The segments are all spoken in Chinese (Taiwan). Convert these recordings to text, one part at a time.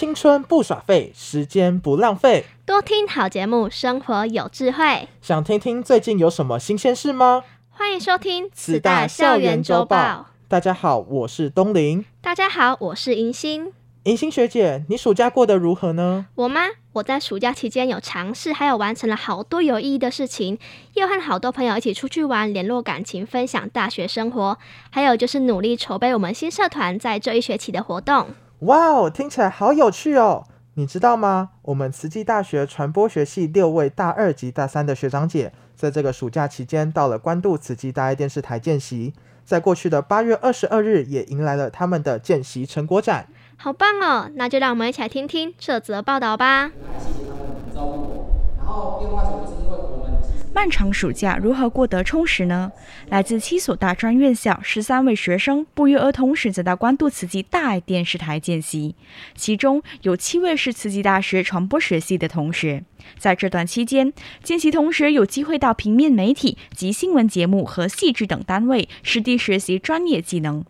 青春不耍廢，時間不浪費。多聽好節目，生活有智慧。想聽聽最近有什麼新鮮事嗎？歡迎收聽《慈大校園週報》。大家好，我是東霖。大家好，我是盈欣。盈欣學姐，你暑假過得如何呢？我嗎？我在暑假期間有嘗試，還有完成了好多有意義的事情，又和好多朋友一起出去玩，聯絡感情，分享大學生活，還有就是努力籌備我們新社團在這一學期的活動。哇哦，wow, 聽起來好有趣哦！你知道嗎？我們慈濟大學傳播學系六位大二及大三的學長姐，在這個暑假期間到了關渡慈濟大愛電視台見習，在過去的八月二十二日，也迎來了他們的見習成果展。好棒哦！那就讓我們一起來聽聽這則報道吧。漫長暑假如何過得充實呢？來自七所大專院校十三位學生，不約而同選擇到關渡慈濟大愛電視台見習，其中有七位是慈濟大學傳播學系的同學。在這段期間，見習同學有機會到平面媒體及新聞節目和戲劇等單位實地學習專業技能。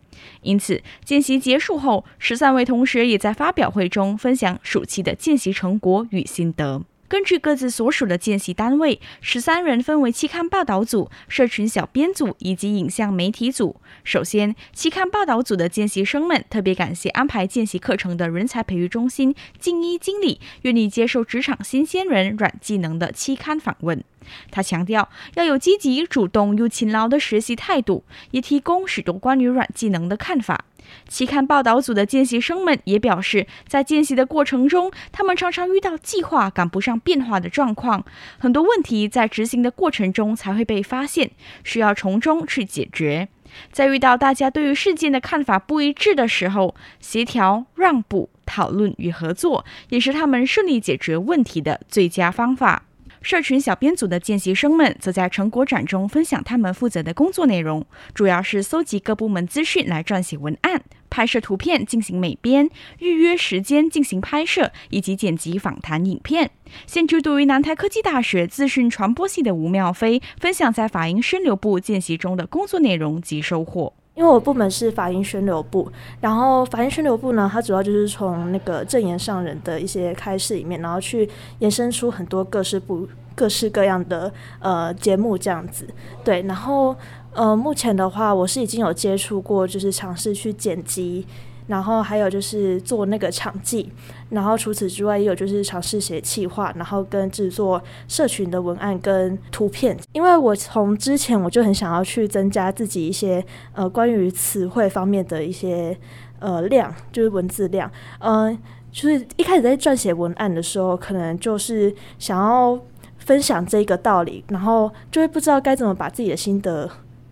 因此，見習結束後，十三位同學也在發表會中分享暑期的見習成果與心得。根據各自所屬的見習單位，十三人分為期刊報道組、社群小編組以及影像媒體組。首先，期刊報道組的見習生們特別感謝安排見習課程的人才培育中心靜一經理，願意接受職場新鮮人軟技能的期刊訪問。他強調要有積極、主動又勤勞的實習態度，也提供許多關於軟技能的看法。期刊報道組的見習生們也表示，在見習的過程中，他們常常遇到計劃趕不上變化的狀況，很多問題在執行的過程中才會被發現，需要從中去解決。在遇到大家對於事件的看法不一致的時候，協調、讓步、討論與合作，也是他們順利解決問題的最佳方法。社群小編組的見習生們則在成果展中分享他們負責的工作內容，主要是蒐集各部門資訊來撰寫文案、拍攝圖片進行美編、預約時間進行拍攝，以及剪輯訪談影片。現就讀於南台科技大學資訊傳播系的吳妙飛分享在法音聲流部見習中的工作內容及收穫。因為我部門是法音宣流部，然後法音宣流部呢，它主要就是從那個證嚴上人的一些開示裡面，然後去延伸出很多各式不、各式各樣的呃節目這樣子。對，然後呃，目前的話，我是已經有接觸過，就是嘗試去剪輯。然後還有就是做那個場記，然後除此之外也有就是嘗試寫企劃，然後跟製作社群的文案跟圖片。因為我從之前我就很想要去增加自己一些呃關於詞彙方面的一些呃量，就是文字量。嗯、呃，就是一開始在撰寫文案的時候，可能就是想要分享這一個道理，然後就會不知道該怎麼把自己的心得。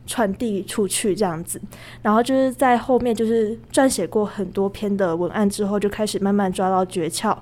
傳遞出去這樣子，然後就是在後面就是撰寫過很多篇的文案之後，就開始慢慢抓到訣竅，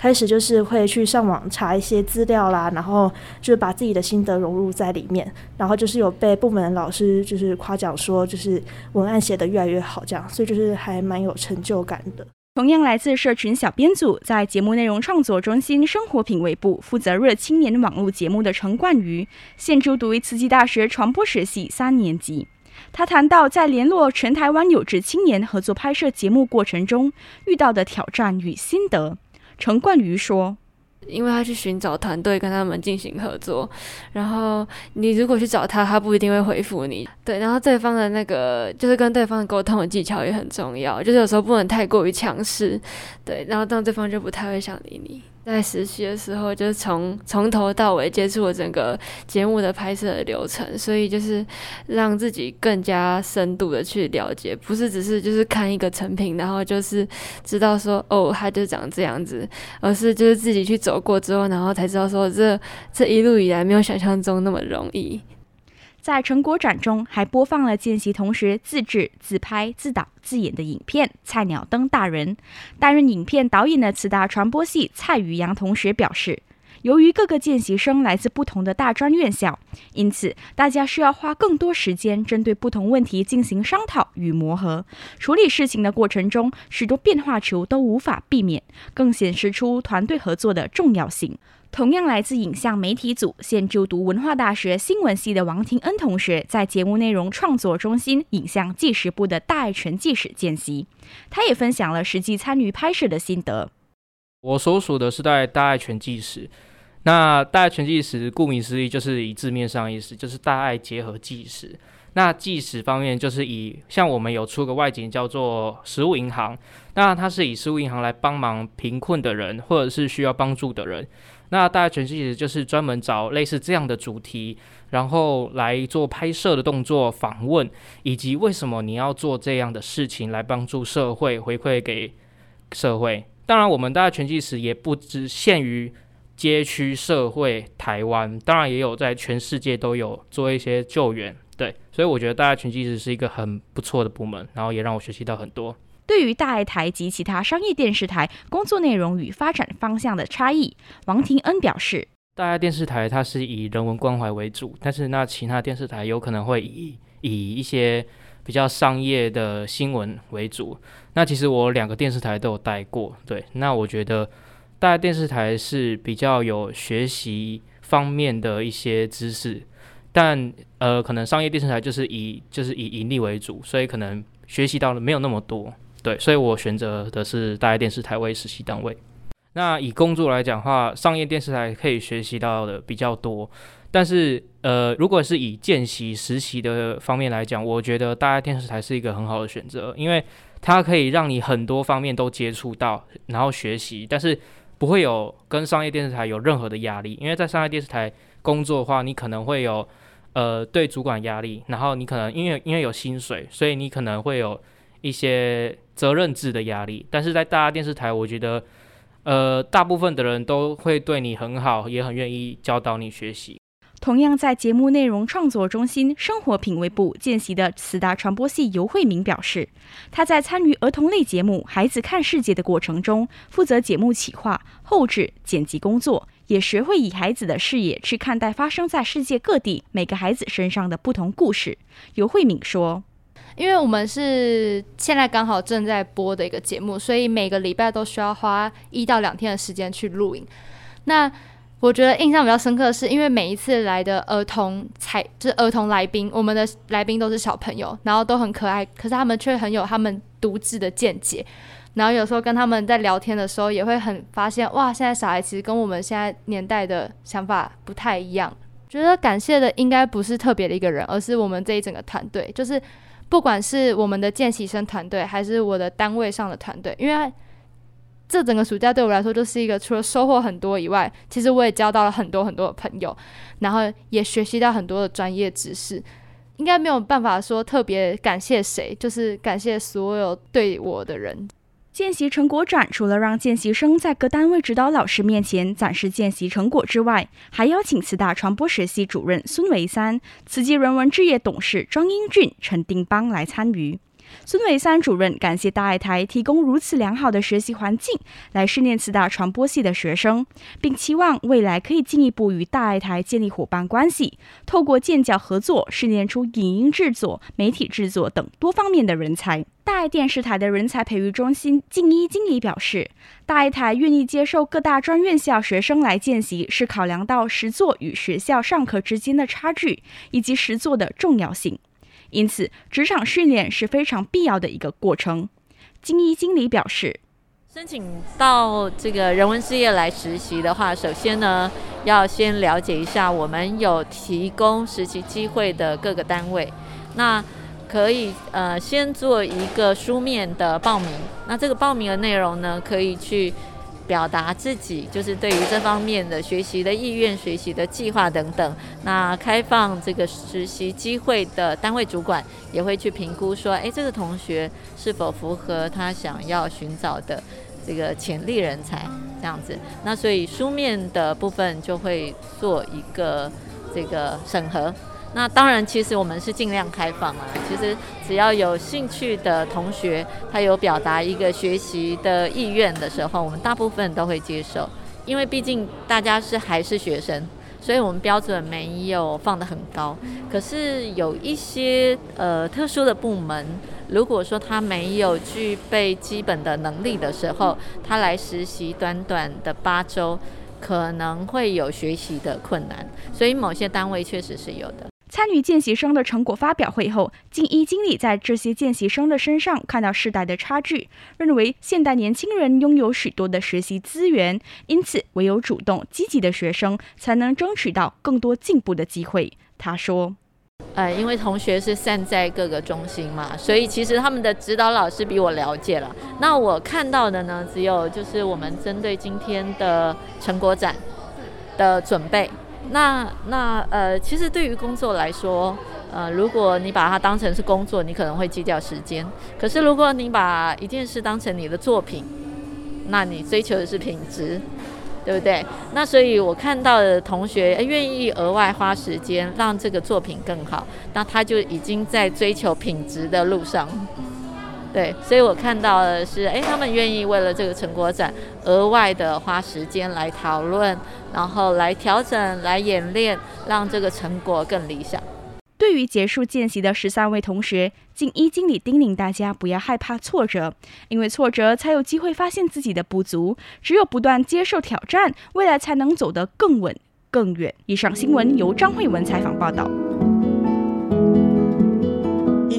開始就是會去上網查一些資料啦，然後就是把自己的心得融入在裡面，然後就是有被部門的老師就是誇獎說就是文案寫得越來越好這樣，所以就是還蠻有成就感的。同樣來自社群小編組，在節目內容創作中心生活品味部負責熱青年網絡節目的陳冠宇，現就讀於慈濟大學傳播學系三年級。他談到在聯絡全台灣有志青年合作拍攝節目過程中遇到的挑戰與心得。陳冠宇說。因為他去尋找團隊跟他們進行合作，然後你如果去找他，他不一定會回復你。對，然後對方的那個就是跟對方溝通的技巧也很重要，就是有時候不能太過於強勢，對，然後當對方就不太會想理你。在實習的時候，就是從從頭到尾接觸了整個節目的拍攝流程，所以就是讓自己更加深度的去了解，不是只是就是看一個成品，然後就是知道說哦，它就長這樣子，而是就是自己去走過之後，然後才知道說這這一路以來沒有想象中那麼容易。在成果展中，還播放了見習同學自制、自拍、自導、自演的影片《菜鳥登大人》。擔任影片導演的慈大傳播系蔡宇陽同學表示，由於各個見習生來自不同的大專院校，因此大家需要花更多時間針對不同問題進行商討與磨合。處理事情的過程中，許多變化球都無法避免，更顯示出團隊合作的重要性。同樣來自影像媒體組，現就讀文化大學新聞系的王庭恩同學，在節目內容創作中心影像紀實部的大愛全紀實見習，他也分享了實際參與拍攝的心得。我所屬的是在大愛全紀實，那大愛全紀實顧名思義就是以字面上意思就是大愛結合紀實。那紀實方面就是以像我們有出個外景叫做食物銀行，那它是以食物銀行來幫忙貧困的人或者是需要幫助的人。那大家全紀實其實就是專門找類似這樣的主題，然後來做拍攝的動作、訪問，以及為什麼你要做這樣的事情來幫助社會、回饋給社會。當然，我們大家全紀實也不只限於街區社會台灣，當然也有在全世界都有做一些救援。對，所以我覺得大家全紀實是一個很不錯的部門，然後也讓我學習到很多。對於大愛台及其他商業電視台工作內容與發展方向的差異，王庭恩表示：“大愛電視台它是以人文關懷為主，但是那其他電視台有可能會以以一些比較商業的新聞為主。那其實我兩個電視台都有帶過，對。那我覺得大愛電視台是比較有學習方面的一些知識，但呃，可能商業電視台就是以就是以盈利為主，所以可能學習到的沒有那麼多。”對，所以我選擇的是大愛電視台為實習單位。那以工作來講的話，商業電視台可以學習到的比較多。但是，呃，如果是以見習、實習的方面來講，我覺得大愛電視台是一個很好的選擇，因為它可以讓你很多方面都接觸到，然後學習，但是不會有跟商業電視台有任何的壓力。因為在商業電視台工作的話，你可能會有呃對主管壓力，然後你可能因為因為有薪水，所以你可能會有。一些責任制的壓力，但是在大愛電視台，我覺得，呃，大部分的人都會對你很好，也很願意教導你學習。同樣，在節目內容創作中心生活品味部見習的慈大傳播系尤慧敏表示，他在參與兒童類節目《孩子看世界》的過程中，負責節目企劃、後製剪輯工作，也學會以孩子的視野去看待發生在世界各地每個孩子身上的不同故事。尤慧敏說。因為我們是現在剛好正在播的一個節目，所以每個禮拜都需要花一到兩天的時間去錄影。那我覺得印象比較深刻的是，因為每一次來的兒童才就是兒童來賓，我們的來賓都是小朋友，然後都很可愛，可是他們卻很有他們獨自的見解。然後有時候跟他們在聊天的時候，也會很發現，哇，現在小孩其實跟我們現在年代的想法不太一樣。覺得感謝的應該不是特別的一個人，而是我們這一整個團隊，就是。不管是我們的見習生團隊，還是我的單位上的團隊，因為這整個暑假對我來說，就是一個除了收穫很多以外，其實我也交到了很多很多的朋友，然後也學習到很多的專業知識。應該沒有辦法說特別感謝誰，就是感謝所有對我的人。見習成果展除了讓見習生在各單位指導老師面前展示見習成果之外，還邀請慈大傳播實習主任孫維三、慈濟人文志業董事莊英俊、陳定邦來參與。孫維三主任感謝大愛台提供如此良好的學習環境來訓練慈大傳播系的學生，並期望未來可以進一步與大愛台建立夥伴關係，透過建教合作，訓練出影音製作、媒體製作等多方面的人才。大愛電視台的人才培育中心靜一經理表示，大愛台願意接受各大專院校學生來見習，是考量到實作與學校上課之間的差距，以及實作的重要性。因此，職場訓練是非常必要的一個過程。金怡經理表示，申請到這個人文事業來實習的話，首先呢，要先了解一下我們有提供實習機會的各個單位。那可以呃先做一個書面的報名。那這個報名的內容呢，可以去。表達自己就是對於這方面的學習的意願、學習的計劃等等。那開放這個實習機會的單位主管也會去評估說，哎、欸，這個同學是否符合他想要尋找的這個潛力人才這樣子。那所以書面的部分就會做一個這個審核。那當然，其實我們是盡量開放啊。其實只要有興趣的同學，他有表達一個學習的意願的時候，我們大部分都會接受。因為畢竟大家是還是學生，所以我們標準沒有放得很高。可是有一些呃特殊的部門，如果說他沒有具備基本的能力的時候，他來實習短短的八週，可能會有學習的困難。所以某些單位確實是有的。參與見習生的成果發表會後，靜一經理在這些見習生的身上看到世代的差距，認為現代年輕人擁有許多的學習資源，因此唯有主動積極的學生才能爭取到更多進步的機會。他說：“呃、哎，因為同學是散在各個中心嘛，所以其實他們的指導老師比我了解了。那我看到的呢，只有就是我們針對今天的成果展的準備。”那那呃，其實對於工作來說，呃，如果你把它當成是工作，你可能會計較時間。可是如果你把一件事當成你的作品，那你追求的是品質，對不對？那所以我看到的同學，欸，願意額外花時間讓這個作品更好，那他就已經在追求品質的路上。對，所以我看到的是，哎，他們願意為了這個成果展，額外的花時間來討論，然後來調整、來演練，讓這個成果更理想。對於結束見習的十三位同學，敬一經理叮嚀大家不要害怕挫折，因為挫折才有機會發現自己的不足，只有不斷接受挑戰，未來才能走得更穩、更遠。以上新聞由張惠雯採訪報道。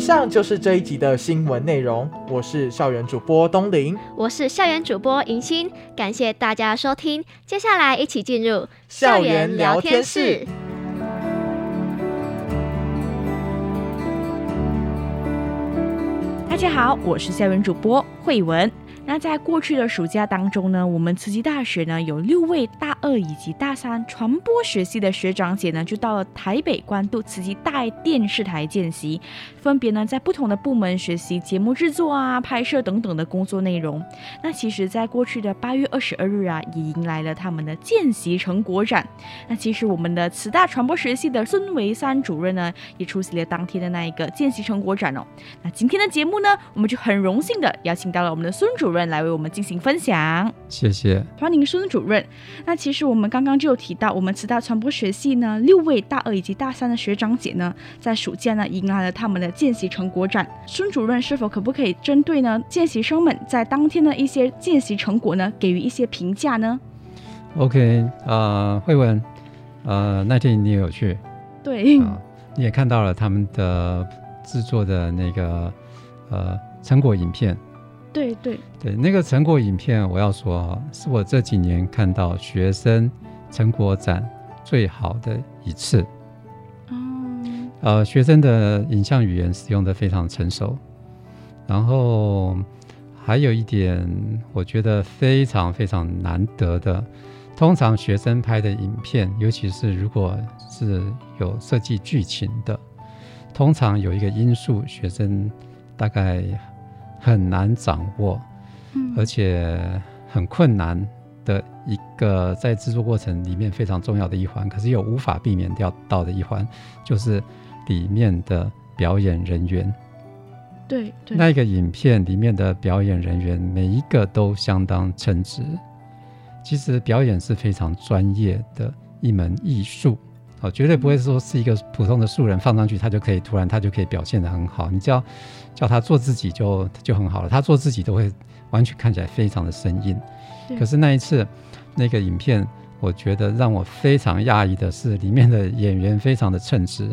以上就是這一集的新聞內容。我是校園主播東霖，我是校園主播盈欣，感謝大家收聽。接下來一起進入校園聊天室。聊天室。大家好，我是校園主播惠雯。那在過去的暑假當中呢，我們慈濟大學呢有六位大二以及大三傳播學系的學長姐呢，就到了台北關渡慈濟大愛電視台見習，分別呢在不同的部門學習節目製作啊、拍攝等等的工作內容。那其實，在過去的八月二十二日啊，也迎來了他們的見習成果展。那其實我們的慈大傳播學系的孫維三主任呢，也出席了當天的那一個見習成果展哦。那今天的節目呢，我們就很榮幸的邀請到了我們的孫主任。主任來為我們進行分享，謝謝。歡迎孫主任。那其實我們剛剛就有提到，我們慈大傳播學系呢，六位大二以及大三的學長姐呢，在暑假呢迎來了他們的見習成果展。孫主任是否可不可以針對呢見習生們在當天的一些見習成果呢給予一些評價呢？OK，呃，慧文，呃，那天你也有去，對，呃，你也看到了他們的製作的那個呃成果影片。對對對，那個成果影片，我要說啊，是我這幾年看到學生成果展最好的一次。哦、嗯。呃，學生的影像語言使用的非常成熟。然後還有一點，我覺得非常非常難得的，通常學生拍的影片，尤其是如果是有設計劇情的，通常有一個因素，學生大概。很難掌握，而且很困難的一個在製作過程裡面非常重要的一環，可是又無法避免掉到的一環，就是裡面的表演人員。對，對。那一個影片裡面的表演人員每一個都相當稱職。其實表演是非常專業的一門藝術。哦，絕對不會說是一個普通的素人放上去，他就可以突然他就可以表現得很好。你只要叫他做自己就就很好了，他做自己都會完全看起來非常的生硬。對可是那一次那個影片，我覺得讓我非常訝異的是，裡面的演員非常的稱職，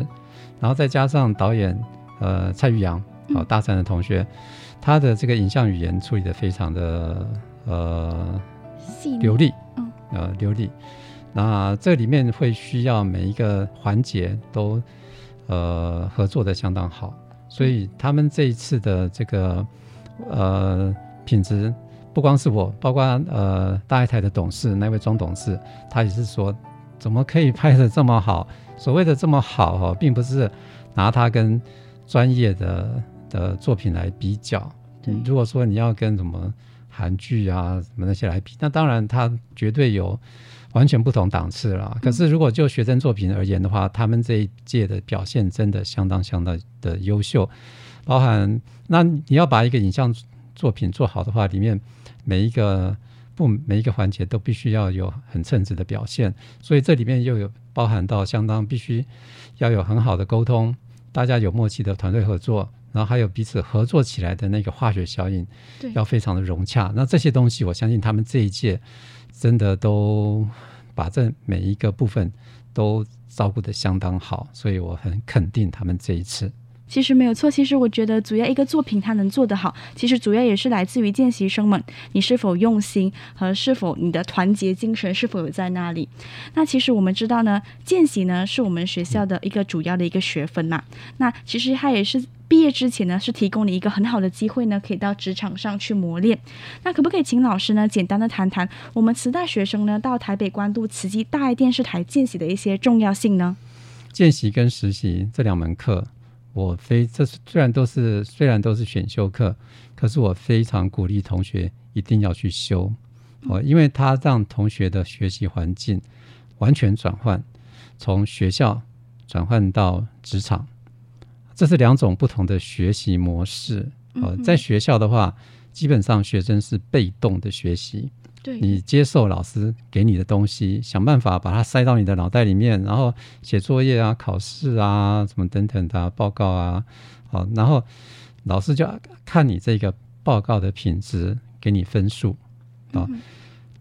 然後再加上導演呃蔡郁揚哦大三的同學，嗯、他的這個影像語言處理得非常的呃膩、嗯、流利，嗯、呃、流利。那這裡面會需要每一個環節都呃合作得相當好，所以他們這一次的這個呃品質，不光是我，包括呃大愛台的董事那位莊董事，他也是說，怎麼可以拍得這的這麼好？所謂的這麼好哈，並不是拿它跟專業的的作品來比較。嗯。如果說你要跟什麼韓劇啊什麼那些來比，那當然它絕對有。完全不同檔次了。可是，如果就學生作品而言的話，嗯、他們這一屆的表現真的相當相當的優秀。包含那你要把一個影像作品做好的話，裡面每一個部，每一個環節都必須要有很稱職的表現。所以這裡面又有包含到相當必須要有很好的溝通，大家有默契的團隊合作，然後還有彼此合作起來的那個化學效應，要非常的融洽。對那這些東西，我相信他們這一屆。真的都把這每一個部分都照顧得相當好，所以我很肯定他們這一次。其實沒有錯，其實我覺得主要一個作品它能做得好，其實主要也是來自於見習生們，你是否用心和是否你的團結精神是否有在那裡？那其實我們知道呢，見習呢是我們學校的一個主要的一個學分嘛，嗯、那其實它也是畢業之前呢是提供了一個很好的機會呢，可以到職場上去磨練。那可不可以請老師呢簡單的談談我們慈大學生呢到台北關渡慈濟大愛電視台見習的一些重要性呢？見習跟實習這兩門課。我非這，雖然都是，雖然都是選修課，可是我非常鼓勵同學一定要去修哦，嗯。因為它讓同學的學習環境完全轉換，從學校轉換到職場，這是兩種不同的學習模式哦，嗯哼。呃，在學校的話，基本上學生是被動的學習。對你接受老師給你的東西，想辦法把它塞到你的腦袋裡面，然後寫作業啊、考試啊什麼等等的、啊、報告啊，好、哦，然後老師就看你這個報告的品質，給你分數啊。哦嗯、哼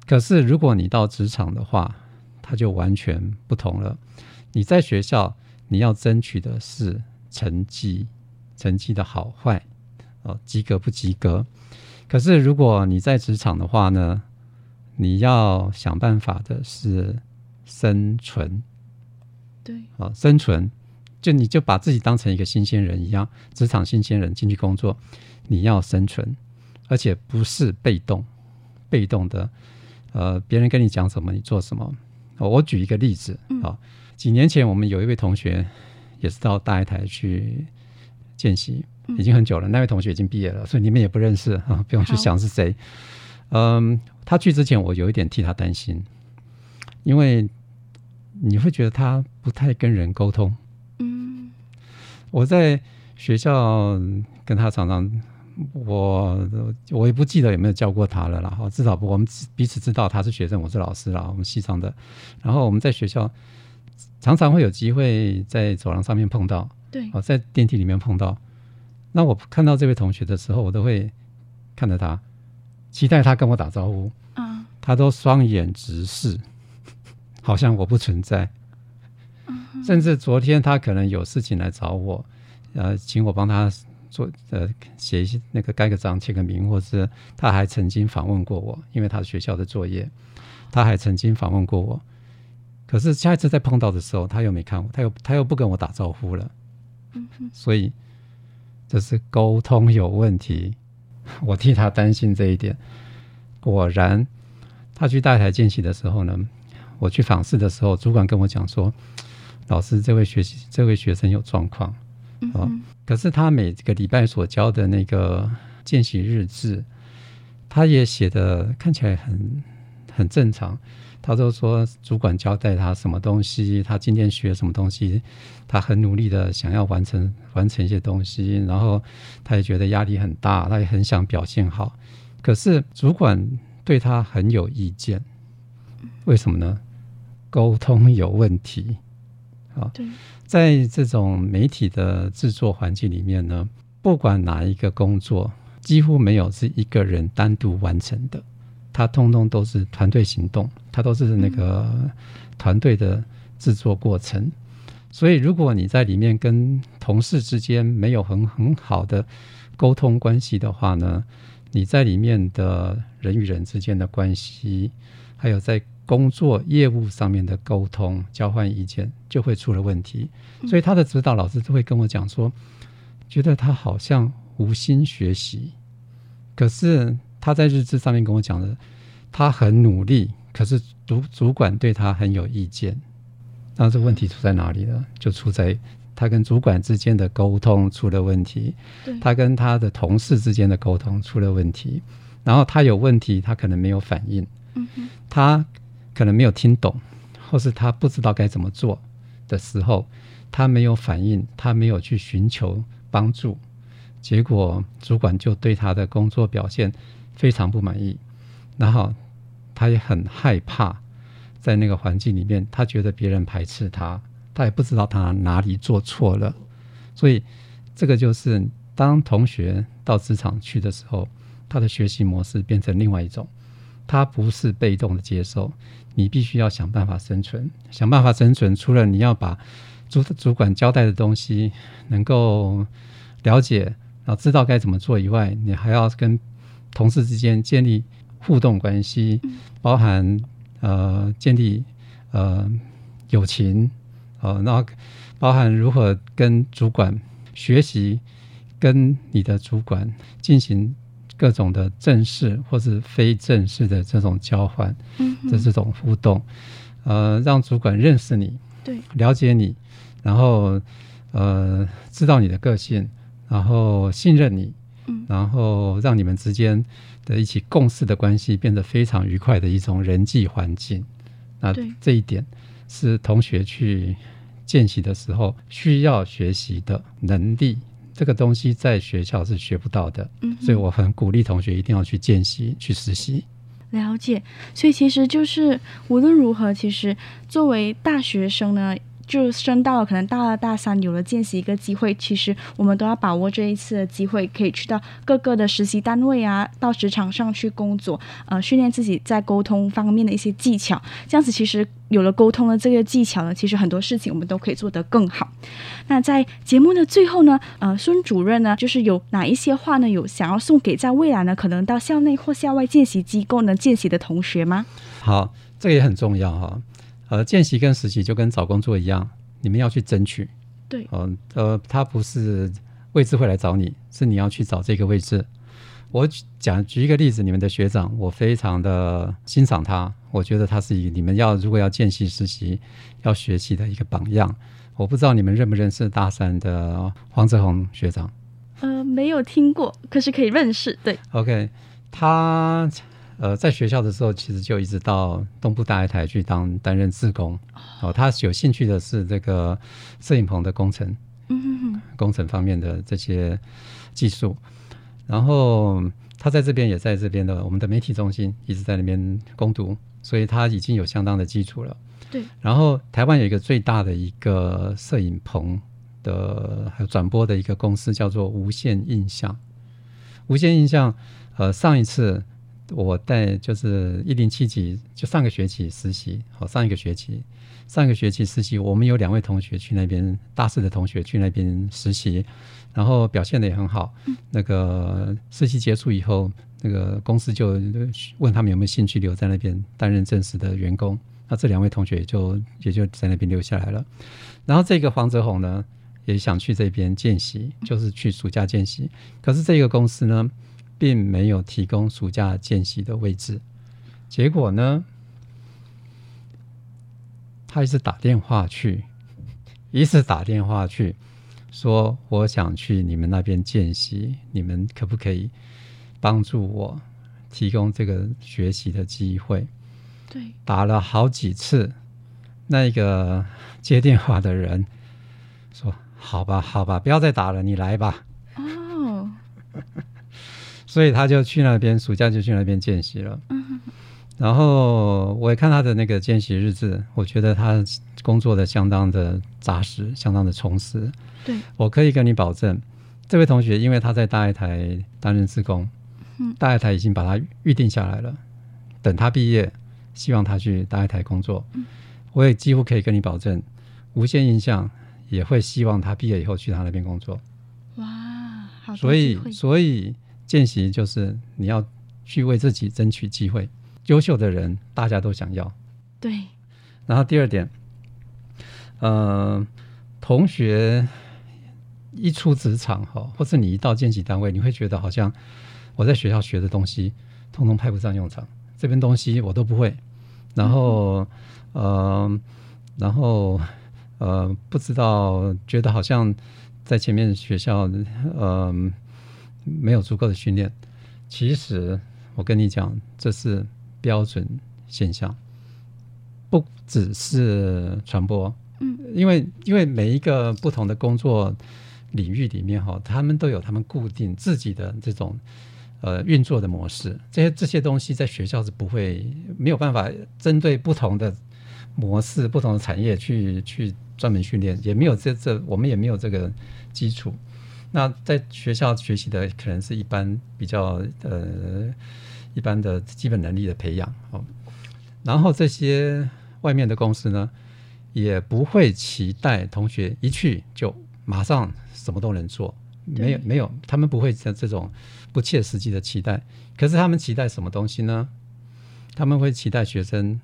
可是如果你到職場的話，它就完全不同了。你在學校你要爭取的是成績，成績的好壞哦，及格不及格。可是如果你在職場的話呢？你要想辦法的是生存，對，啊、哦，生存，就你就把自己當成一個新鮮人一樣，職場新鮮人進去工作，你要生存，而且不是被動，被動的，呃，別人跟你講什麼，你做什麼。哦、我舉一個例子啊、嗯哦，幾年前我們有一位同學也是到大愛台去見習，嗯、已經很久了，那位同學已經畢業了，所以你們也不認識啊、哦，不用去想是誰。嗯，他去之前，我有一點替他擔心，因為你會覺得他不太跟人溝通。嗯，我在學校跟他常常，我我也不記得有沒有教過他了啦。哈，至少我們彼此知道他是學生，我是老師啦。我們系上的，然後我們在學校常常會有機會在走廊上面碰到，對，哦，在電梯裡面碰到。那我看到這位同學的時候，我都會看着他。期待他跟我打招呼，嗯、他都雙眼直視，好像我不存在。嗯、哼甚至昨天他可能有事情來找我，呃，請我幫他做呃寫一些那個蓋個章、簽個名，或是他還曾經訪問過我，因為他學校的作業，他還曾經訪問過我。可是下一次再碰到的時候，他又沒看我，他又他又不跟我打招呼了。嗯、哼所以這、就是溝通有問題。我替他擔心這一點。果然，他去大台見習的時候呢，我去訪視的時候，主管跟我講說，老師這位學習這位學生有狀況，啊、哦，嗯嗯，可是他每個禮拜所交的那個見習日誌，他也寫得看起來很很正常。他都說主管交代他什麼東西，他今天學什麼東西，他很努力的想要完成完成一些東西，然後他也覺得壓力很大，他也很想表現好，可是主管對他很有意見，為什麼呢？溝通有問題。好對，在這種媒體的製作環境裡面呢，不管哪一個工作，幾乎沒有是一個人單獨完成的。他通通都是團隊行動，他都是那個團隊的制作過程。嗯、所以，如果你在裡面跟同事之間沒有很很好的溝通關係的話呢，你在裡面的人與人之間的關係，還有在工作業務上面的溝通交換意見，就會出了問題。嗯、所以，他的指導老師都會跟我講說，覺得他好像無心學習，可是。他在日誌上面跟我講的，他很努力，可是主主管對他很有意見。那這問題出在哪裡呢？就出在他跟主管之間的溝通出了問題，對他跟他的同事之間的溝通出了問題。然後他有問題，他可能沒有反應，嗯、哼他可能沒有聽懂，或是他不知道該怎麼做的時候，他沒有反應，他沒有去尋求幫助，結果主管就對他的工作表現。非常不滿意，然後他也很害怕，在那個環境裡面，他覺得別人排斥他，他也不知道他哪裡做錯了。所以，這個就是當同學到職場去的時候，他的學習模式變成另外一種。他不是被動的接受，你必須要想辦法生存，想辦法生存。除了你要把主主管交代的東西能夠了解，然後知道該怎麼做以外，你還要跟。同事之間建立互動關係，嗯、包含呃建立呃友情呃，那包含如何跟主管學習，跟你的主管進行各種的正式或是非正式的這種交換，這、嗯嗯、這種互動，呃，讓主管認識你，對，了解你，然後呃知道你的個性，然後信任你。然後讓你們之間的一起共事的關係變得非常愉快的一種人際環境，那這一點是同學去見習的時候需要學習的能力，這個東西在學校是學不到的，所以我很鼓勵同學一定要去見習去實習。了解，所以其實就是無論如何，其實作為大學生呢。就升到了可能大二大三，有了見習一個機會，其實我們都要把握這一次的機會，可以去到各個的實習單位啊，到職場上去工作，呃，訓練自己在溝通方面的一些技巧。這樣子其實有了溝通的這個技巧呢，其實很多事情我們都可以做得更好。那在節目的最後呢，呃，孫主任呢，就是有哪一些話呢，有想要送給在未來呢，可能到校內或校外見習機構呢，見習的同學嗎？好，這個也很重要哈、哦。呃，見習跟實習就跟找工作一樣，你們要去爭取。對。呃，呃，他不是位置會來找你，是你要去找這個位置。我講舉一個例子，你們的學長，我非常的欣賞他，我覺得他是以你們要如果要見習實習要學習的一個榜樣。我不知道你們認不認識大三的黃澤宏學長。呃，沒有聽過，可是可以認識。對，OK，他。呃，在學校的時候，其實就一直到東部大愛台去當擔任志工哦、呃。他有興趣的是這個攝影棚的工程，嗯、哼工程方面的這些技術。然後他在這邊也在這邊的我們的媒體中心一直在那邊攻讀，所以他已經有相當的基礎了。對。然後台灣有一個最大的一個攝影棚的還有轉播的一個公司叫做無線印象。無線印象，呃，上一次。我帶就是一零七級，就上個學期實習，好，上一個學期，上一個學期實習，我們有兩位同學去那邊，大四的同學去那邊實習，然後表現得也很好。那個實習結束以後，那個公司就問他們有沒有興趣留在那邊擔任正式的員工。那這兩位同學也就也就在那邊留下來了。然後這個黃澤宏呢，也想去這邊見習，就是去暑假見習。可是這個公司呢？並沒有提供暑假見習的位置，結果呢，他一直打電話去，一直打電話去說我想去你們那邊見習，你們可不可以幫助我提供這個學習的機會？對，打了好幾次，那個接電話的人說：“好吧，好吧，不要再打了，你來吧。”哦。所以他就去那邊，暑假就去那邊見習了。嗯、哼哼。然後我也看他的那個見習日誌，我覺得他工作的相當的扎實，相當的充實。對，我可以跟你保證，這位同學因為他在大愛台擔任志工，嗯、大愛台已經把他預定下來了，等他畢業，希望他去大愛台工作。嗯、我也幾乎可以跟你保證，無限印象也會希望他畢業以後去他那邊工作。哇，好，所，所以所以。見習就是你要去為自己爭取機會，優秀的人大家都想要。對，然後第二點，嗯、呃，同學一出職場哈，或是你一到見習單位，你會覺得好像我在學校學的東西通通派不上用場，這邊東西我都不會。然後，嗯、呃，然後，嗯、呃，不知道，覺得好像在前面學校，嗯、呃。沒有足夠的訓練，其實我跟你講，這是標準現象，不只是傳播，嗯，因為因為每一個不同的工作領域裡面哈，他們都有他們固定自己的這種呃運作的模式，這些這些東西在學校是不會沒有辦法針對不同的模式，不同的產業去去專門訓練，也沒有這這我們也沒有這個基礎。那在學校學習的可能是一般比較呃一般的基本能力的培養哦，然後這些外面的公司呢，也不會期待同學一去就馬上什麼都能做，沒有沒有，他們不會在這種不切實際的期待。可是他們期待什麼東西呢？他們會期待學生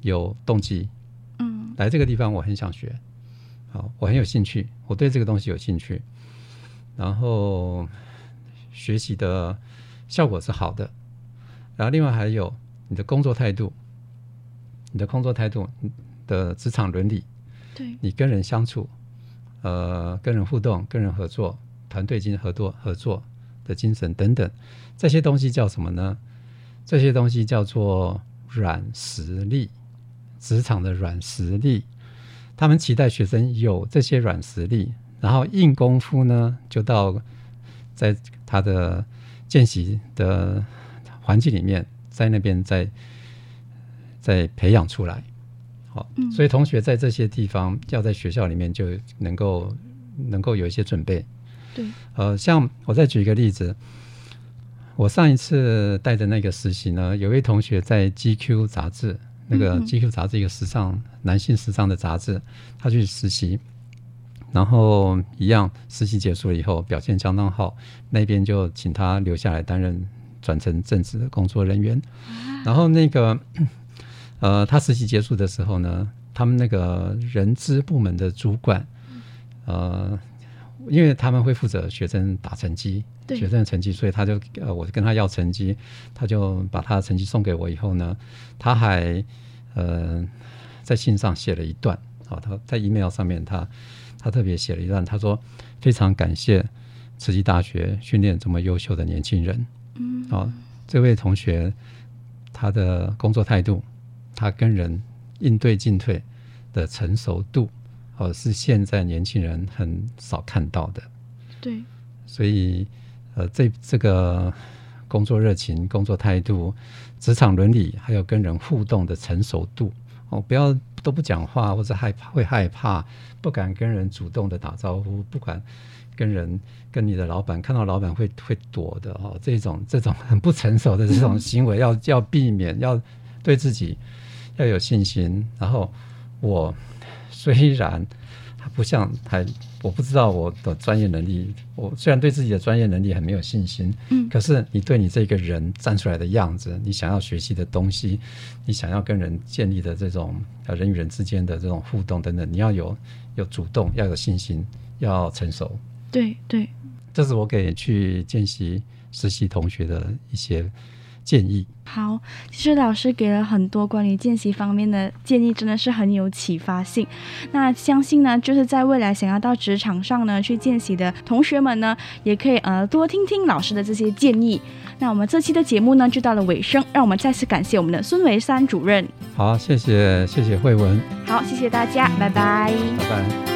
有動機，嗯，來這個地方，我很想學，好、哦，我很有興趣，我對這個東西有興趣。然後學習的效果是好的，然後另外還有你的工作態度，你的工作態度，你的職場倫理，對你跟人相處，呃，跟人互動，跟人合作，團隊精神合作合作的精神等等，這些東西叫什麼呢？這些東西叫做軟實力，職場的軟實力，他們期待學生有這些軟實力。然後硬功夫呢，就到在他的見習的環境裡面，在那邊再再培養出來，好、嗯哼，所以同學在這些地方要在學校裡面就能夠能夠有一些準備。對，呃，像我再舉一個例子，我上一次帶着那個實習呢，有位同學在 GQ 雜誌，嗯哼，那個 GQ 雜誌，一個時尚男性時尚的雜誌，他去實習。然後一樣，實習結束了以後，表現相當好，那邊就請他留下來擔任轉成正職的工作人員。嗯、然後那個呃，他實習結束的時候呢，他們那個人資部門的主管，嗯、呃，因為他們會負責學生打成績，對學生的成績，所以他就呃，我跟他要成績，他就把他的成績送給我。以後呢，他還呃，在信上寫了一段啊、哦，他在 email 上面他。他特別寫了一段，他說：“非常感謝慈濟大學訓練這麼優秀的年輕人。”嗯，哦，這位同學他的工作態度，他跟人應對進退的成熟度，哦，是現在年輕人很少看到的。對，所以呃，這這個工作熱情、工作態度、職場倫理，還有跟人互動的成熟度，哦，不要。都不講話，或者害怕，會害怕，不敢跟人主動的打招呼，不敢跟人跟你的老板，看到老板會會躲的哦。這種這種很不成熟的這種行為，嗯、要要避免，要對自己要有信心。然後我雖然。不像還，我不知道我的專業能力。我雖然對自己的專業能力很沒有信心，嗯，可是你對你這個人站出來的樣子，你想要學習的東西，你想要跟人建立的這種人與人之間的這種互動等等，你要有有主動，要有信心，要成熟。對對，對這是我給去見習實習同學的一些。建議。好，其實老師給了很多關於見習方面的建議，真的是很有啟發性。那相信呢，就是在未來想要到職場上呢去見習的同學們呢，也可以呃多聽聽老師的這些建議。那我們這期的節目呢，就到了尾聲，讓我們再次感謝我們的孫維三主任。好，謝謝謝謝惠雯。好，謝謝大家，拜拜。拜拜。